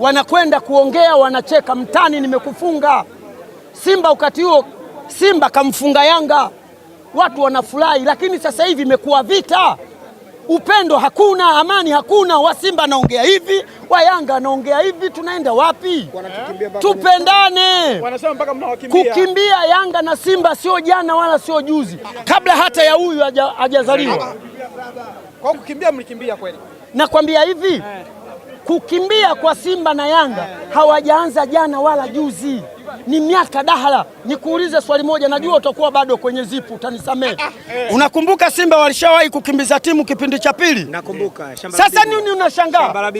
wanakwenda kuongea, wanacheka mtani, nimekufunga Simba. Wakati huo Simba kamfunga Yanga, watu wanafurahi, lakini sasa hivi imekuwa vita, upendo hakuna, amani hakuna. Wa Simba anaongea hivi, wa Yanga anaongea hivi, tunaenda wapi? Tupendane. Kukimbia Yanga na Simba sio jana wala sio juzi, kabla hata ya huyu hajazaliwa. Kwa kukimbia mlikimbia kweli, nakwambia hivi eh. Kukimbia kwa Simba na Yanga hawajaanza jana wala juzi ni miaka dahala. Nikuulize swali moja, najua utakuwa bado kwenye zipu, utanisamehe. Eh, eh, eh. Unakumbuka Simba walishawahi kukimbiza timu kipindi cha pili? Nakumbuka. Sasa nini unashangaa?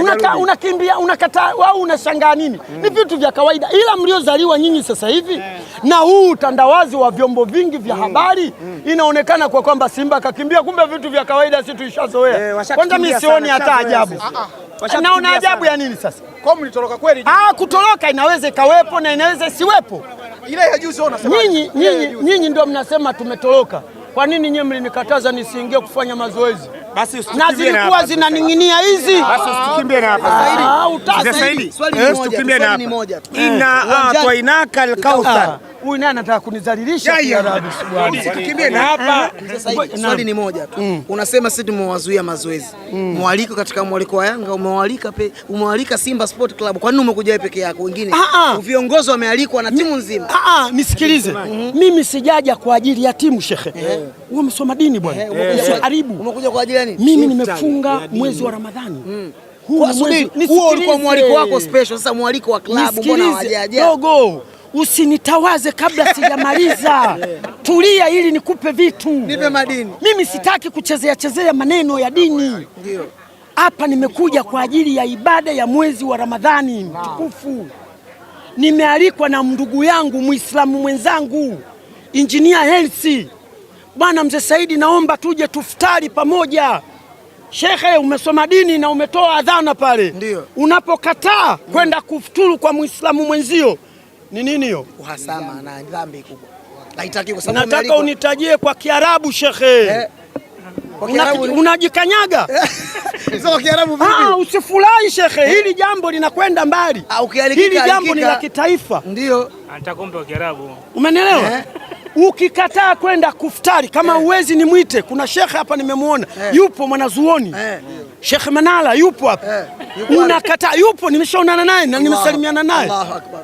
Unaka, unakimbia unakataa au unashangaa nini? Mm. Ni vitu vya kawaida, ila mliozaliwa nyinyi sasa hivi yeah. Na huu utandawazi wa vyombo vingi vya mm. habari mm. Inaonekana kwa kwamba Simba kakimbia kumbe vitu vya kawaida, si tuishazoea. Kwanza mimi sioni hata ajabu, naona ah, ah. ajabu ya nini sasa kwa mlitoroka kweli? Ah, kutoroka inaweza ikawepo na inaweza siwepo. Ile ya juzi unasema. Nyinyi nyinyi nyinyi ndio mnasema tumetoroka. Kwa nini nyinyi mlinikataza nisiingie kufanya mazoezi? Basi usikimbie na zilikuwa zinaning'inia hizi. Basi usikimbie na hapa ah, sasa hivi. Swali utasa eh, hivi. Swali ni moja. Ina atwa inaka al huyu naye anataka kunidhalilisha. Tukimbie na hapa. Eh? swali ni moja tu mm. Unasema sisi tumewazuia mazoezi mm. Mwaliko katika mwaliko wa Yanga umewalika pe, umewalika Simba Sport Club. Kwa nini umekuja wewe peke yako? Wengine ah, ah. viongozi wamealikwa na timu nzima. ah ah Nisikilize mm-hmm. mimi, sijaja kwa ajili ya timu shekhe. Eh. Wewe umesoma dini bwana, haribu. Eh, umekuja kwa ajili ya nini? Mimi nimefunga mwezi wa Ramadhani mm. huo ulikuwa mwaliko wako special. Sasa mwaliko wa klabu mbona hawajaja dogo usinitawaze kabla sijamaliza. Tulia ili nikupe vitu. Nipe madini. Mimi sitaki kuchezea chezea maneno ya dini. Ndio. Hapa nimekuja kwa ajili ya ibada ya mwezi wa Ramadhani mtukufu. Nimealikwa na ndugu yangu Muislamu mwenzangu Injinia Helsi. Bwana Mzee Saidi, naomba tuje tufutari pamoja. Shekhe, umesoma dini na umetoa adhana pale. Ndio. Unapokataa kwenda kufuturu kwa Muislamu mwenzio ni nini hiyo? Uhasama na dhambi kubwa. Haitaki kwa sababu nataka unitajie kwa Kiarabu shekhe eh. Unajikanyaga usifurahi shekhe, eh? hili jambo linakwenda mbali, ah, hili jambo ni la kitaifa. Ndio umenielewa eh? Ukikataa kwenda kuftari kama eh? uwezi ni nimwite kuna shekhe hapa nimemwona eh, yupo mwanazuoni eh, Shekhe Manala yupo hapa eh, unakataa yupo, nimeshaonana naye na nimesalimiana naye. Allahu Akbar.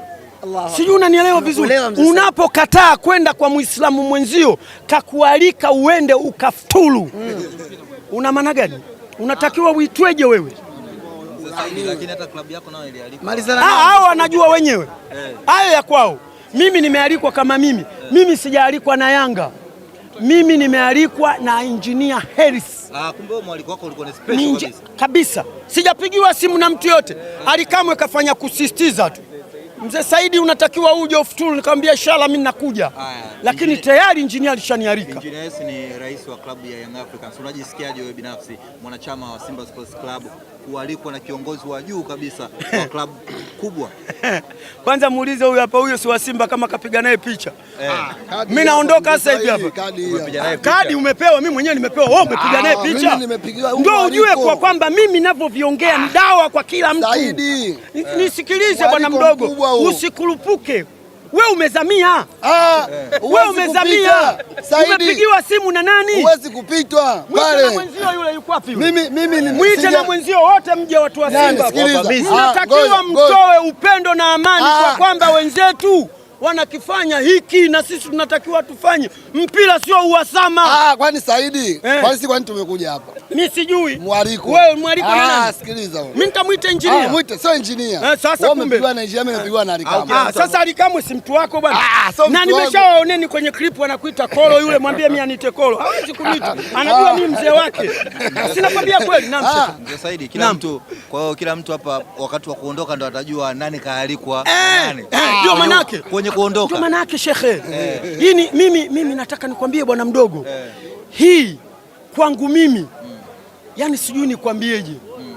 Sijui unanielewa vizuri. Unapokataa kwenda kwa Muislamu mwenzio kakualika uende ukafutulu, mm. una maana gani? Unatakiwa uitweje wewe? Ah, hao wanajua wenyewe eh. hayo ya kwao. Mimi nimealikwa kama mimi eh. mimi sijaalikwa na Yanga mimi nimealikwa na engineer Harris. Ah, kumbe mwaliko wako ulikuwa ni special kabisa. Kabisa sijapigiwa simu na mtu yote, eh. Alikamwe kafanya kusisitiza tu. Mzee Saidi unatakiwa uje ofuturu, nikamwambia inshallah mimi nakuja. Lakini tayari injinia alishanialika. Injinia ni rais wa klabu ya Young Africans. Unajisikiaje wewe binafsi mwanachama wa Simba Sports Club kualikwa na kiongozi wa juu kabisa wa klabu kubwa? Kwanza muulize huyu hapa, huyo si wa Simba kama kapiga naye picha. Eh. Ah, ah, mimi naondoka sasa hivi hapa. Kadi umepewa, mimi mwenyewe nimepewa. Wewe umepiga ah, naye picha. Ndio ujue kwa kwamba mimi ninavyoviongea ni dawa kwa kila mtu. Nisikilize yaani bwana mdogo wao. Usikurupuke. We umezamia. Ah, we umezamia. Umepigiwa simu na nani? Huwezi kupitwa pale. Mwenzio yule yuko wapi Mimi mimi ni mwite na mwenzio wote mje watu wa Simba. Ah, Mnatakiwa mtoe upendo na amani kwa ah. kwamba wenzetu wanakifanya hiki na sisi tunatakiwa tufanye. Mpira sio uhasama. Ah, kwani Saidi, eh. kwani si kwani tumekuja hapa mimi sijui. Mwaliko. Wewe mwaliko ni ah, nani? Ah, sikiliza. wewe. Mimi nitamuita engineer. Ah, muite sio engineer. Eh, sasa kumbe. Umepigwa na engineer, mimi napigwa na Alikamwe. Ah, ah, sasa Alikamwe si mtu wako bwana. Ah, ah so na nimeshawaoneni kwenye clip wanakuita Kolo yule, mwambie mimi anite Kolo. Hawezi kumuita. Anajua mimi mzee wake. Sina kwambia kweli na namsha. Ndio Saidi, kila mtu. Kwa hiyo kila mtu hapa wakati wa kuondoka ndo atajua nani kaalikwa eh, nani. Eh, ndio maana yake. Kwenye kuondoka. Ndio maana yake shekhe. Eh. Hii mimi mimi nataka nikwambie bwana mdogo. Hii kwangu mimi yani sijui nikwambieje, mm.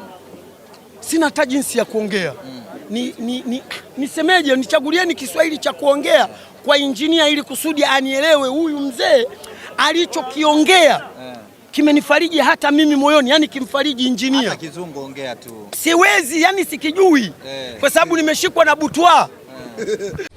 sina hata jinsi ya kuongea mm. ni, ni, ni, nisemeje, nichagulieni Kiswahili cha kuongea kwa injinia ili kusudi anielewe huyu mzee alichokiongea eh. kimenifariji hata mimi moyoni, yani kimfariji injinia. Hata kizungu ongea tu, siwezi yani sikijui eh, kwa sababu nimeshikwa na butwa eh.